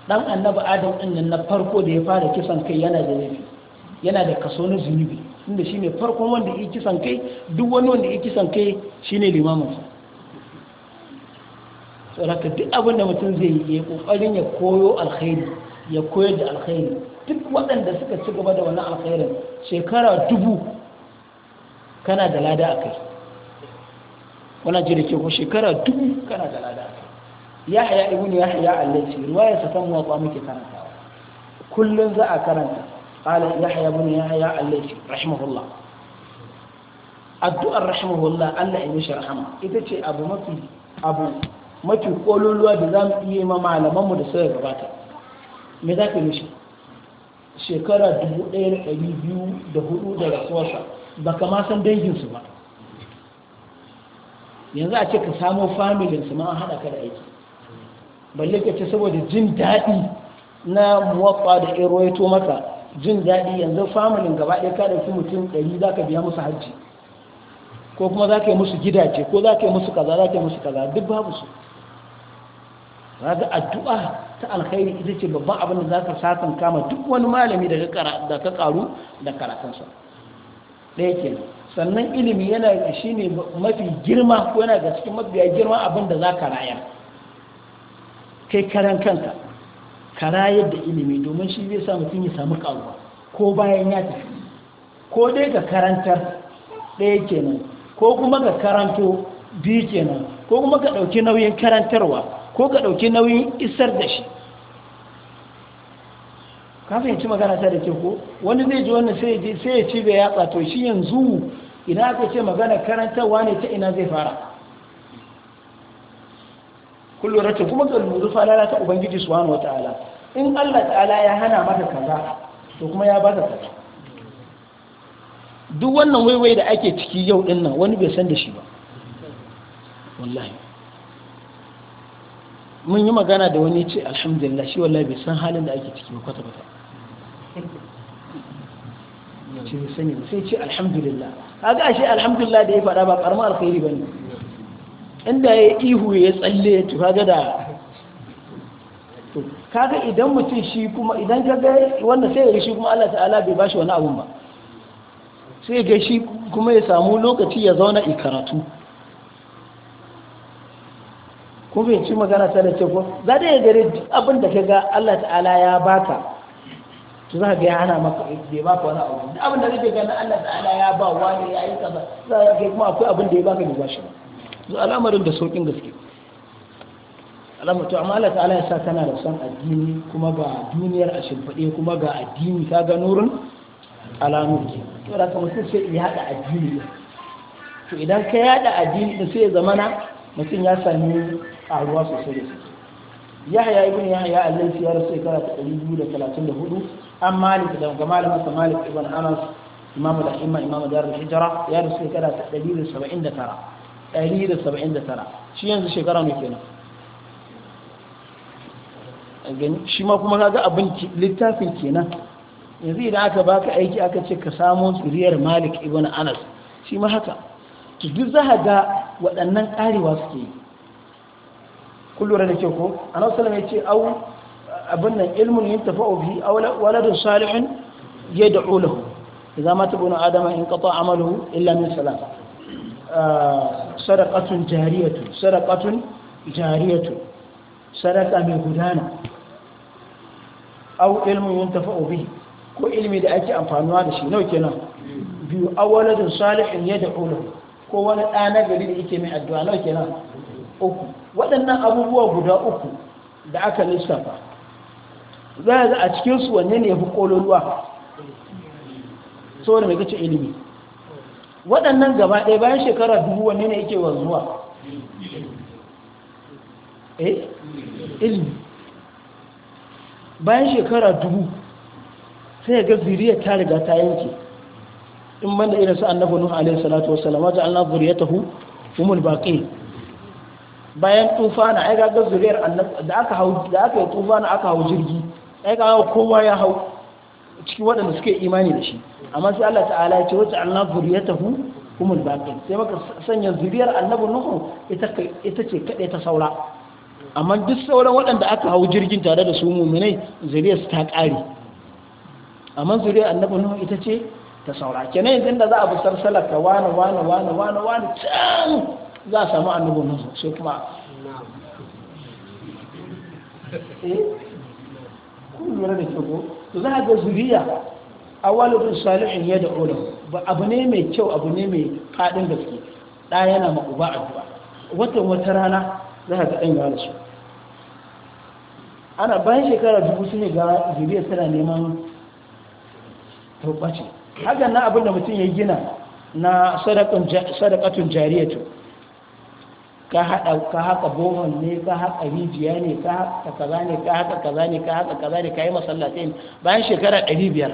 dan annabi adam din nan na farko da ya fara kisan kai yana da yana da kaso na zunubi inda shine farko wanda yake kisan kai duk wani wanda yake kisan kai shine limamin sa saboda duk abin da mutum zai yi ya kokarin ya koyo alkhairi ya koyar da alkhairi duk waɗanda suka ci gaba da wannan alkhairin shekara dubu kana da lada a kai wannan ji da ke shekara dubu kana da lada ya haya ibnu ya haya allaci ruwaya sa kan muwatsa muke karantawa kullun za a karanta qala ya haya ibnu ya haya allaci rahimahullah addu'ar rahimahullah Allah ya mishi rahama ita ce abu mafi abu mafi kololuwa da zamu iya ma malaman mu da suka gabata me za ka mishi shekara dubu da ɗari biyu da hudu da rasuwarsa ba ka ma san danginsu ba yanzu a ce ka samo familin su ma an haɗa ka da aiki balle ka ce saboda jin daɗi na muwaffa da irwaito maka jin daɗi yanzu familin gaba ɗaya ka ɗauki mutum ɗari za ka biya musu hajji ko kuma za ka yi musu gidaje ko za ka yi musu kaza za ka yi musu kaza duk babu su raga addu'a ta alkhairi ita ce babban abin da za ka sakan kama duk wani malami da ka karu da karatunsa ɗaya kenan sannan ilimi yana da shi ne mafi girma ko yana da cikin mafi girma abin da za ka raya kai karan kanka ka rayar da ilimi domin shi zai sa mutum ya samu karuwa ko bayan ya tafi ko dai ka karantar ɗaya kenan ko kuma ka karanto biyu kenan ko kuma ka ɗauki nauyin karantarwa ko ka ɗauki nauyin isar da shi ka fahimci magana ta da ke ko wani zai ji wannan sai ya ci bai yatsa to shi yanzu Ina aka ce magana karantarwa ne ta ina zai fara kullum ta kuma ga lura falala ta ubangiji subhanahu wataala in Allah ta'ala ya hana maka kaza to kuma ya baka kaza duk wannan waiwai da ake ciki yau din nan wani bai san da shi ba wallahi mun yi magana da wani ce alhamdulillah shi wallahi bai san halin da ake ciki ba kwata-kwata ce sai ce alhamdulillah kaga ashe alhamdulillah da ya fada ba karamar alkhairi bane inda ya ihu ya tsalle to kaga da to kaga idan mutum shi kuma idan kaga wannan sai ya shi kuma Allah ta'ala bai bashi wani abu ba sai ga shi kuma ya samu lokaci ya zauna i karatu ko bai ci magana ta da ce ko za da ya gare abin da ga, Allah ta'ala ya baka to za ka gaya ana maka bai ka wani abu duk abin da kake ganin Allah ta'ala ya ba ne ya yi kaza za ka gaya kuma akwai abin da ya baka ka bashi ba to al'amarin da sauƙin gaske al'amar to amma Allah ta'ala ya sa kana da son addini kuma ba duniyar a shimfiɗe kuma ga addini ka ga nurin alamun ke to da kuma sai sai ya hada addini to idan ka yada addini din sai ya zamana mutum ya sami ƙaruwa sosai da sosai yahya ibn yahya al-laythi ya rasu shekara ta 234 an malik da ga malik sa malik ibn anas imamu da imma imamu da darul hijra ya rusu shekara ta 179 179 shi yanzu shekara mai kenan gani shi ma kuma kaga abin littafin kenan yanzu idan aka baka aiki aka ce ka samu tsiriyar malik ibn anas shi ma haka to duk za ga waɗannan ƙarewa suke yi kullum da ke ko anas salama ya ce au abin nan ilmun yin tafa'u bi waladun salihin ya da'u lahu idza mata ibnu adama in qata amaluhu illa min salat ah, sadaqatun jariyatu sadaqatun jariyatu sadaqa mai gudana aw ilmun yin tafa'u bi ko ilmi da ake amfanuwa da shi nawa kenan biyu aw waladun salihin ya da'u lahu ko wani ɗa na gari da yake mai addu'a nawa kenan uku waɗannan abubuwa guda uku da aka lissafa za ga a cikinsu wanne ne yafi fi ƙololuwa saboda mai kace ilimi waɗannan gaba ɗaya bayan shekara dubu wanne ne yake wanzuwa eh ilimi bayan shekara dubu sai ga zuriya ta riga ta yanke in banda irin su annabi nuhu alaihi salatu wassalam wa ja'alna zuriyatahu umul baƙi bayan tufana ai ga zuriyar annabi da aka hau da aka yi tufana aka hau jirgi ai kawo kowa ya hau cikin waɗanda suke imani da shi amma sai Allah ta'ala ya ce wata Allah zuriyatahu kumul baqin sai maka sanya zuriyar annabi nuhu ita ita ce kade ta saura amma duk sauran waɗanda aka hau jirgin tare da su mu'minai zuriyar su ta ƙare amma zuriyar annabi nuhu ita ce ta saura kenan yanzu da za a busar salaka wani wani wani wani wani can za a samu annabi nuhu sai kuma kun lura da kyau to za a ga zuriya a walibin salihin ya da olam ba abu ne mai kyau abu ne mai faɗin gaske ɗa yana ma uba addu'a watan wata rana za a ga ɗan ya rasu ana bayan shekara dubu su ne ga zuriya tana neman turɓace haka na abin da mutum ya gina na sadakatun jariyatu ka haɗa ka haka bohon ne ka haka rijiya ne ka haka kaza ne ka haka kaza ne ka haka kaza ne ka yi masallatai ne bayan shekara ɗari biyar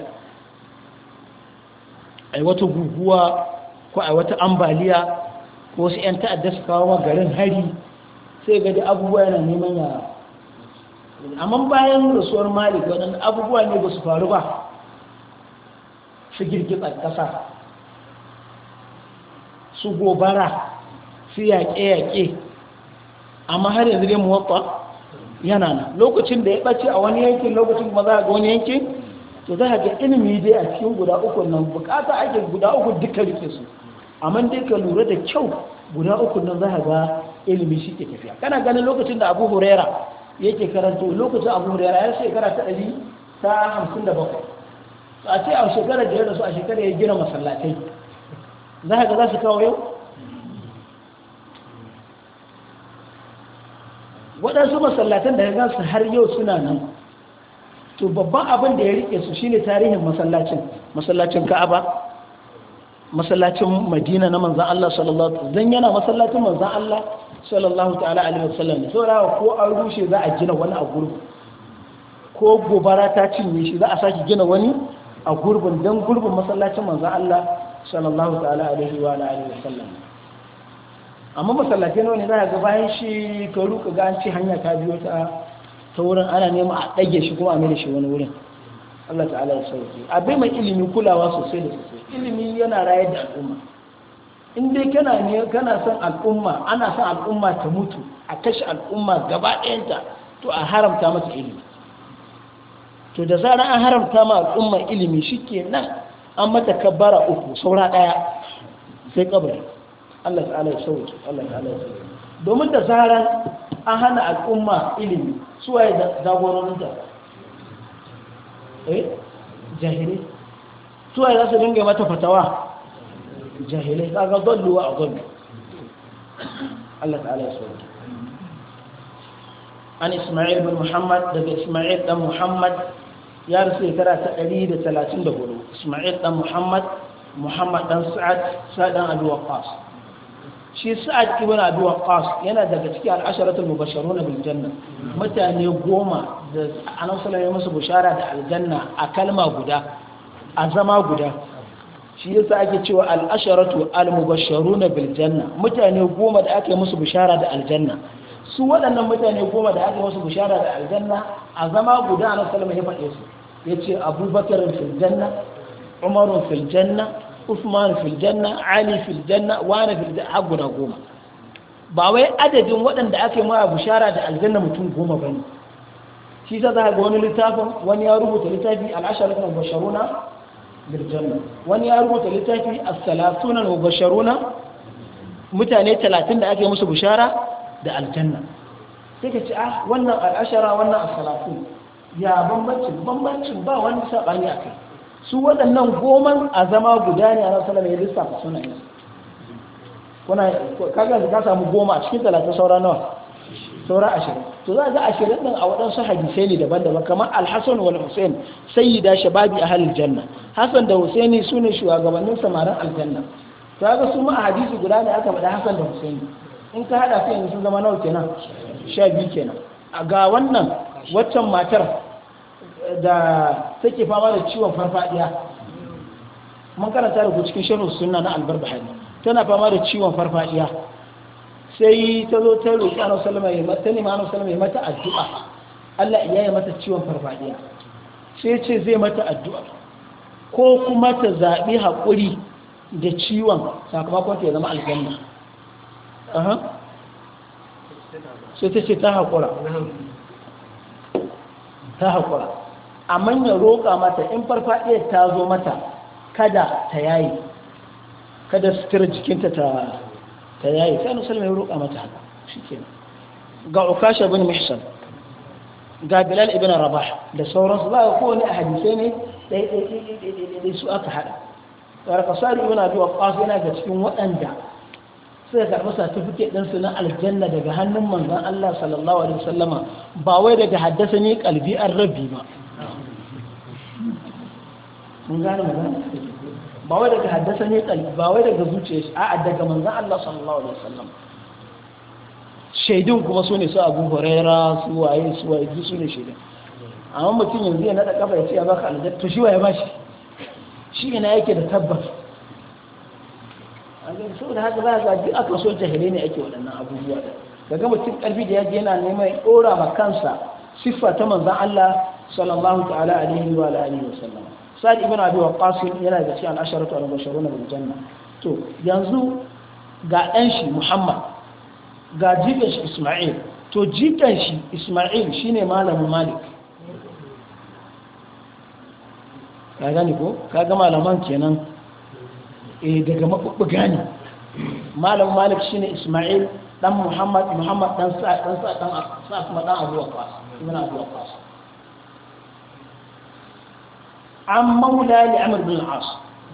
a wata guguwa ko a wata ambaliya ko wasu 'yan ta'adda su kawo garin hari sai gadi abubuwa yana neman ya amma bayan rasuwar malik waɗanda abubuwa ne ba su faru ba su girgizar ƙasa su gobara su yaƙe-yaƙe amma har yanzu dai muwaffa yana nan lokacin da ya ɓace a wani yankin lokacin kuma za a ga wani yankin to za a ga ilimi dai a cikin guda uku nan bukata ake guda uku duka rike su amma dai ka lura da kyau guda uku nan za a ga ilimi shi ke tafiya kana ganin lokacin da abu hurera yake karanta lokacin abu Hurera ya shekara ta ɗari ta hamsin da bakwai a ce a shekarar da ya rasu a shekarar ya gina masallatai za a ga za su kawo yau waɗansu masallatan da ya su har yau suna nan to babban abin da ya rike su shine tarihin masallacin masallacin ka'aba masallacin madina na manzan Allah sallallahu ta'ala zan yana masallacin manzan Allah sallallahu ta'ala alaihi wasallam rawa ko an rushe za a gina wani a gurbin ko gobara ta cinye shi za a saki gina wani a gurbin dan gurbin masallacin manzan Allah sallallahu ta'ala alaihi wa alihi wasallam amma masallaci nawa ne za ga bayan shi ka ruka ga an ci hanya ta biyo ta ta wurin ana nema a ɗage shi kuma a mai shi wani wurin Allah ta'ala ya A abai mai ilimi kulawa sosai da sosai ilimi yana rayar da al'umma in dai kana ne kana son al'umma ana son al'umma ta mutu a kashe al'umma gaba ɗayanta to a haramta mata ilimi to da zarar an haramta ma al'umma ilimi shikenan an mata kabbara uku saura ɗaya sai kabari Allah ta'ala ya sauke Allah ta'ala ya sauke domin da zaran an hana al'umma ilimi su waye jagororin ta eh jahilai su waye za su dinga mata fatawa jahilai kaga dalluwa a dallu Allah ta'ala ya sauke an Ismail bin Muhammad da Ismail dan Muhammad ya rasu tara ta 134 Ismail dan Muhammad Muhammad dan Sa'ad Sa'ad dan Abu Waqqas shi sa'ad ibn abi waqqas yana daga cikin al mubashshiruna bil janna mutane goma da annabi sallallahu musu bushara da aljanna a kalma guda a zama guda shi yasa ake cewa al'asharatu al mubashshiruna bil janna mutane goma da aka yi musu bushara da aljanna su waɗannan mutane goma da aka yi musu bushara da aljanna a zama guda annabi sallallahu ya faɗe su yace abubakar fil janna Umar fil janna usman fil janna ali fil janna wani fil janna guda goma ba wai adadin waɗanda ake yi mara bushara da aljanna mutum goma bane shi za ga wani littafin wani ya rubuta littafi al'asharat na basharuna bil janna wani ya rubuta littafi as-salatuna wa basharuna mutane 30 da ake musu bushara da aljanna sai ka ce ah wannan al'ashara wannan as-salatun ya bambancin bambancin ba wani sabani akai su waɗannan goman a zama guda ne a rasu ya lissafa suna kuna kaga ka samu goma a cikin talatin saura nawa saura ashirin to za ga ashirin ɗin a waɗansu hadisai ne daban-daban kamar alhassan wal hussein sayyida shababi a halin janna hassan da husaini su ne shugabannin samarin aljanna to ga su ma a hadisi guda ne aka faɗa hassan da husaini in ka haɗa su yanzu sun zama nawa kenan sha biyu kenan ga wannan waccan matar da take fama da ciwon farfadiya mun karanta da ku cikin shirin sunna na albarbahari tana fama da ciwon farfadiya sai ta zo ta roƙi anu salama ya mata nema anu salama ya mata addu'a Allah ya yi mata ciwon farfadiya sai ce zai mata addu'a ko kuma ta zaɓi haƙuri da ciwon sakamakon ta ya zama aljanna sai ta ce ta haƙura ta haƙura A ya roƙa mata in farfadiyar ta zo mata kada ta yayi kada su sutura jikinta ta ta yayi sai annabi sallallahu ya roƙa mata haka shikenan ga ukasha bin mihsan ga bilal ibn rabah da sauransu ba ko a hadisi ne dai dai dai su aka hada karaka sari ibn abi waqqas yana ga cikin waɗanda Sai karɓi certificate din su na aljanna daga hannun manzon Allah sallallahu alaihi wasallama ba wai daga haddasa ni kalbi an rabbi ba mun gane magana ba wai daga haddasa ne kalbi ba wai daga zuciya shi a'a daga manzon Allah sallallahu alaihi wasallam shaidun kuma su ne su Abu Huraira su waye su waye su ne shaidun amma mutum yanzu ya nada kafa ya ce ya baka aljanna to shi waye ba shi shi ina yake da tabbas an ga da haka ba ga ji aka so jahili ne ake waɗannan abubuwa da daga mutum karfi da yaji yana neman ɗora ma kansa siffa ta manzon Allah sallallahu ta'ala alaihi wa alihi wa sallam sa'ad ibn abi waqqas yana da cikin al-asharatu al-basharuna bil janna to yanzu ga ɗan shi muhammad ga jikan shi isma'il to jikan shi isma'il shine malamin malik ka gani ko ka ga malaman kenan eh daga mabubbuga gani malamin malik shine isma'il dan muhammad muhammad dan sa'ad dan sa'ad dan sa'ad kuma dan abu waqqas ibn abi waqqas an maula li amur bin as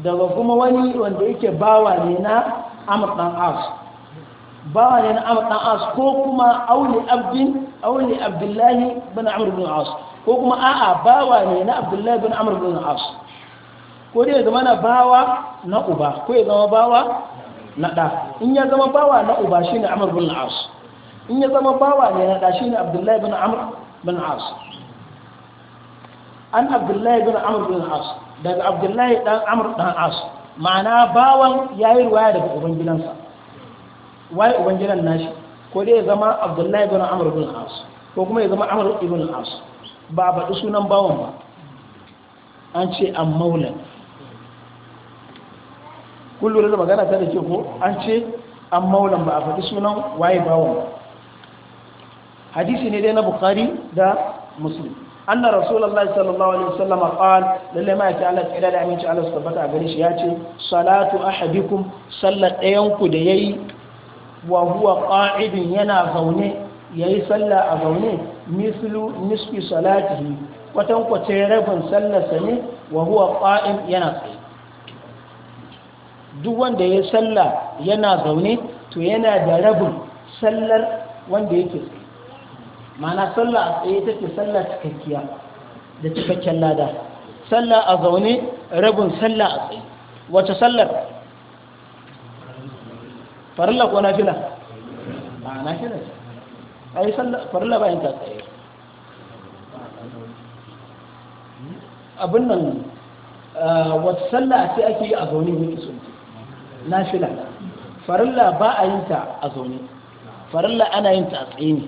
daga kuma wani wanda yake bawa ne na amur dan as bawa ne na amur dan as ko kuma auli abdin auli abdullahi bin amur bin as ko kuma a'a bawa ne na abdullahi bin amur bin as ko dai zama na bawa na uba ko ya zama bawa na ɗa in ya zama bawa na uba shine amur bin as in ya zama bawa ne na ɗa shine abdullahi bin amr bin as an abdullahi bin amur bin as daga abdullahi dan amur dan as ma'ana bawan yayi ruwaya daga ubangidansa wai ubangidan nashi ko dai ya zama abdullahi bin amur bin as ko kuma ya zama amur ibn as ba ba sunan bawan ba an ce an maulan kullum da magana ta da ke ko an ce an maulan ba a faɗi sunan waye bawan ba hadisi ne dai na bukari da muslim anna rasulullahi sallallahu alaihi wasallam qal lalle ma yake Allah tsira da aminci Allah su tabbata a gare shi yace salatu ahadikum sallar ɗayan ku da yayi wa huwa qa'idun yana zaune yayi salla a zaune mislu nisfi salatihi kwatan kwace rabin sallar sa ne wa huwa qa'im yana tsaye duk wanda ya salla yana zaune to yana da rabin sallar wanda yake tsaye ma'ana sallah a tsaye take sallah cikakkiya da cikakken lada sallah a zaune rabin sallah a tsaye wace sallar farilla ko na nafila ba nafila ce A yi farilla ba yin ta tsaye abin nan wata sallah sai ake yi a zaune ne sun fila. farilla ba a yin ta a zaune farilla ana yin ta a tsaye ne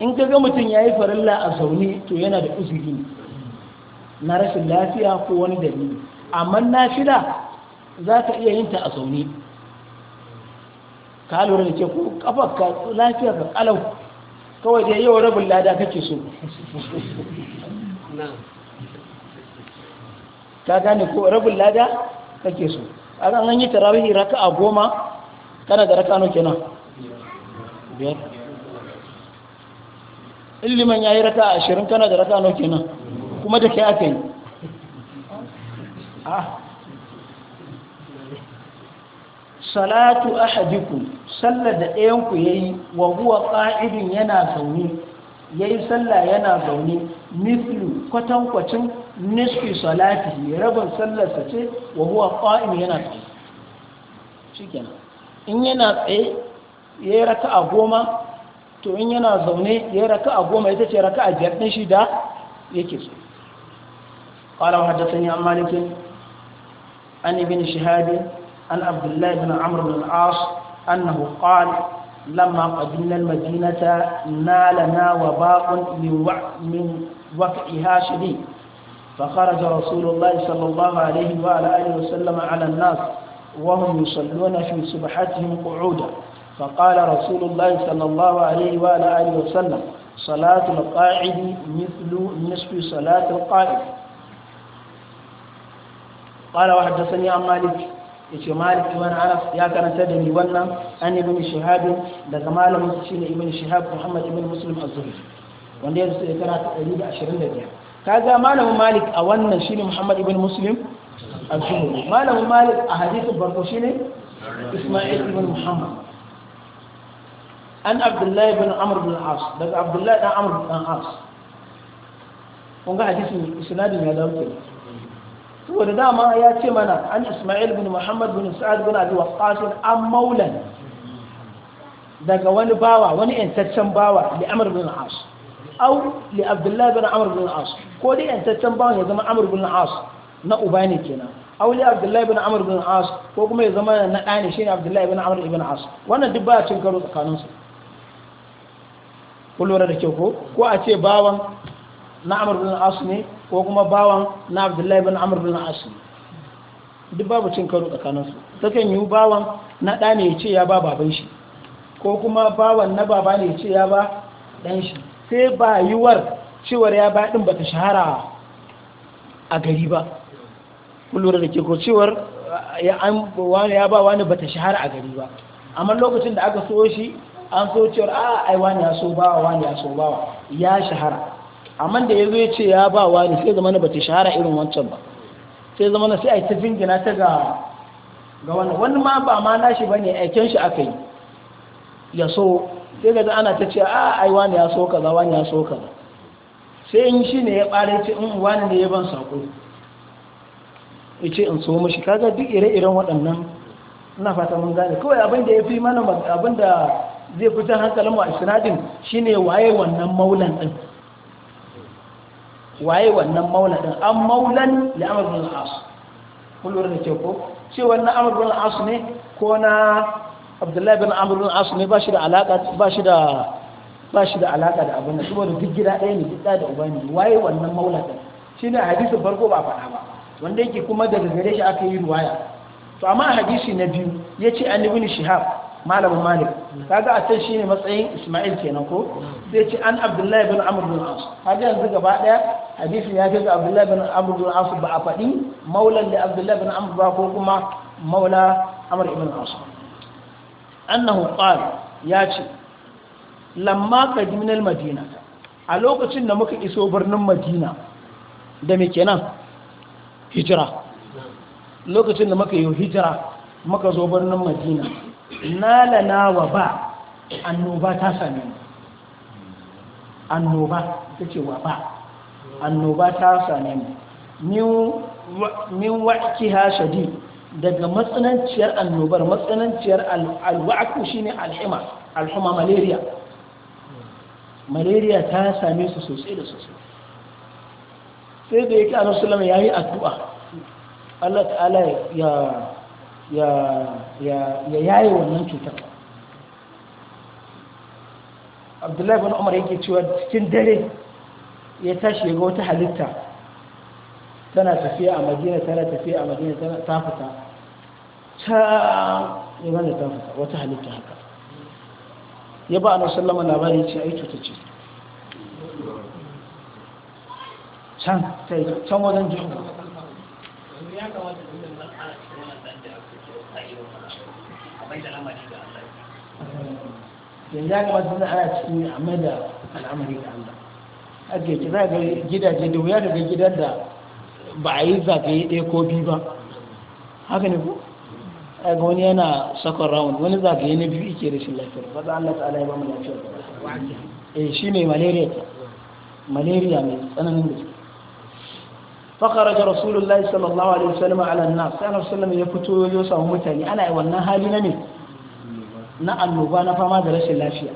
in ka ga mutum ya yi farilla a zaune to yana da uzuri na rashin lafiya ko wani dalili amma na shida za ka iya yin ta a zaune ka lura da ke ko kafar ka lafiya ka kalau kawai da yau rabin lada kake so ka gane ko rabin lada kake so a an yi tarawihi raka a goma kana da raka no kenan biyar illiman ya yi rata a ashirin kana da rata nawa kenan kuma da kai ah. salatu yi salatu sallar da ɗayanku ya yi wa huwa ƙa'idin yana zaune ya yi sallah yana zaune mithlu kwatankwacin nisfi salati rabin sallarsa ce wa huwa ƙa'idin yana zaune shi in yana tsaye ya yi raka a goma to in yana zaune ya raka a goma ita ce raka a biyar ɗin shida da yake so ƙwallon haddasa ne an malikin an ibin shahadi an abdullahi bin amur bin an annahu qal lamma qadimna al-madinata nalana wa baqun min waqiha shadid فخرج رسول الله صلى الله عليه وعلى آله وسلم nas الناس وهم يصلون في سبحتهم قعودا فقال رسول الله صلى الله عليه وعلى آله وسلم صلاة القاعد مثل نصف صلاة القائد قال وحدثني عن مالك malik ya karanta da ni wannan an ibn shihab daga malamin shi ne ibn muhammad ibn wanda ya rusa shekara ta 125 kaga malamin malik a wannan shine muhammad ibn muslim a zuhri malamin malik a hadisin barko shine isma'il ibn muhammad an abdullahi bin amr bin as daga abdullahi dan amr bin as kun ga hadisin isnadin ya dauke kenan saboda dama ya ce mana an isma'il bin muhammad bin sa'ad bin abi waqqas an maulan daga wani bawa wani yantaccen bawa li amr bin as au li abdullahi bin amr bin as ko dai yantaccen bawa ya zama amr bin as na uba ne kenan au li abdullahi bin amr bin as ko kuma ya zama na ɗa ne shine abdullahi bin amr bin as wannan duk ba cin karo tsakaninsu kun lura da kyau ko ko a ce bawan na amur bin asu ne ko kuma bawan na abdullahi bin amur bin asu ne duk babu cin karo tsakanin su kan yi bawan na ɗa ne ya ce ya ba baban shi ko kuma bawan na baba ne ya ce ya ba ɗan shi sai ba yiwuwar cewar ya ba ɗin ba ta shahara a gari ba kun lura da ke ko cewar eh, ya ba wani ba ta shahara a gari ba amma lokacin da aka so shi an so cewar a ah, ai wani ya so bawa wani ya so bawa ya shahara amma da yazo ya ce ya ba wani sai ba bata shahara irin wancan ba sai zamanin sai ai ta jingina ta ga ga wani wani ma ba ma nashi bane aiken shi aka yi ya so sai ga ana ta ce a ah, ai wani ya so kaza wani ya so kaza sai in shi ne ya bare ce in mm, wani ne ya ban sako ya ce in so mashi kaga duk ire-iren waɗannan ina fata mun gane kawai abin da ya fi mana abin da zai fitar hankalin mu a isnadin shine waye wannan maulan din waye wannan maulan din an maulan li amr bin al-as kullu da ke ko ce wannan amr bin al-as ne ko na abdullahi bin amr bin al-as ne ba shi da alaka ba shi da ba shi da alaka da abin nan saboda duk gida ɗaya ne duk da uba ne waye wannan maulan din shine hadisin farko ba faɗa ba wanda yake kuma daga gare shi aka yi ruwaya to amma hadisi na biyu yace an ibn shihab malamin malik kaga a can shine matsayin isma'il kenan ko sai ce an abdullahi bin amr bin as har yanzu gaba daya hadisin ya ce ga abdullahi bin amr bin as ba a faɗi maulan da abdullahi bin amr ba ko kuma maula amr ibn as annahu qala ya ce lamma qadimna al-madina a lokacin da muka iso birnin madina da me kenan hijira lokacin da muka yi hijira muka zo birnin madina Na wa ba annoba ta sami annoba ta ce wa ba annoba ta same min min wa'ki ha shadi daga matsananciyar annobar matsananciyar shi ne alhima alhuma malaria malaria ta same su sosai da sosai sai da yake annabi sallallahu alaihi ya yi addu'a Allah ta'ala ya ya yaye wannan cutar abdullahi bin umar yake cewa cikin dare ya tashi ya ga wata halitta tana tafiya a madina tana tafiya a madina ta fita ta ya gane ta fita wata halitta haka ya ba a nan sallama labari ce a yi cuta ce can ta yi can wajen jihu ya kamata dole a cikin wannan da ake mai da al'amari ga Allah yanzu ya kamata suna cikin da al'amari ga Allah ake kira ga gidaje da wuya daga gidan da ba a yi zagaye ɗaya ko biyu ba haka ne ku a ga wani yana sakon round wani zagaye na biyu ke rashin lafiyar ba za Allah ta'ala ya ba mu lafiyar eh ne malaria ta, malaria mai tsananin gaske فخرج رسول الله صلى الله عليه وسلم على الناس صلى الله عليه وسلم يفتو يوسف متاني أنا أولنا هالي نمي نا النوبانا فما درش الله فيها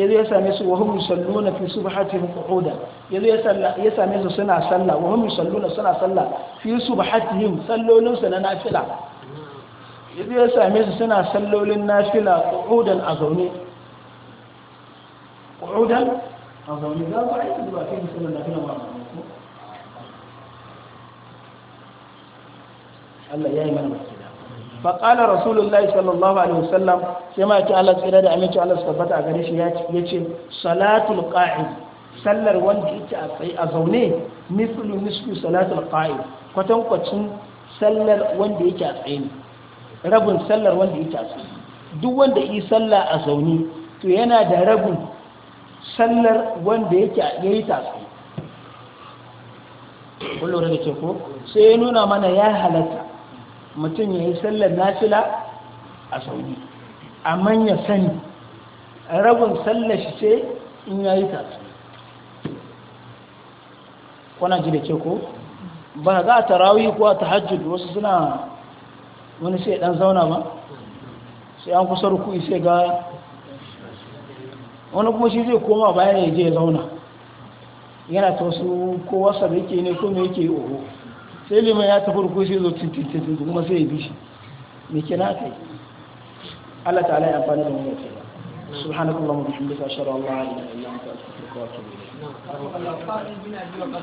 يلو يسامسوا وهم يصلون في صبحاتهم قعودا يلو يسامسوا سنة صلى وهم يصلون سنة صلى في صبحاتهم صلوا لنسنا نافلة يلو يسامسوا سنة صلوا للنافلة قعودا أظوني قعودا أظوني لا بعيد بقى كيف يصلنا فينا مع Allah ya yi mana baki da faƙala rasulullahi sallallahu alaihi wasallam sai ma ki Allah tsira da aminci Allah tabbata a gare shi ya ce salatul ƙa’i, sallar wanda yake a tsaye a zaune mislu mislu salatul qa'id kwatankwacin sallar wanda yake a tsaye ne rabin sallar wanda yake a tsaye duk wanda yi sallah a zaune to yana da rabin sallar wanda yake a yayi tatsi kullum da ke ko sai ya nuna mana ya halatta mutum ya yi sallar nafila a sauri A manya sani rabin sallar shi ce in ya yi ta kwana ji da ke ko ba za a tarawi ko a tahajjud wasu suna wani sai dan zauna ba sai an kusa ruku'i sai ga wani kuma shi zai koma bayan ya je ya zauna yana ta wasu kowa sabai ke ne ko me yake yi oho sai liman ya ta farko sai zo tintintin kuma sai ya bi shi mai kina yi Allah ta ya amfani da wannan kai سبحانك اللهم وبحمدك اشهد ان لا اله الا انت استغفرك واتوب اليك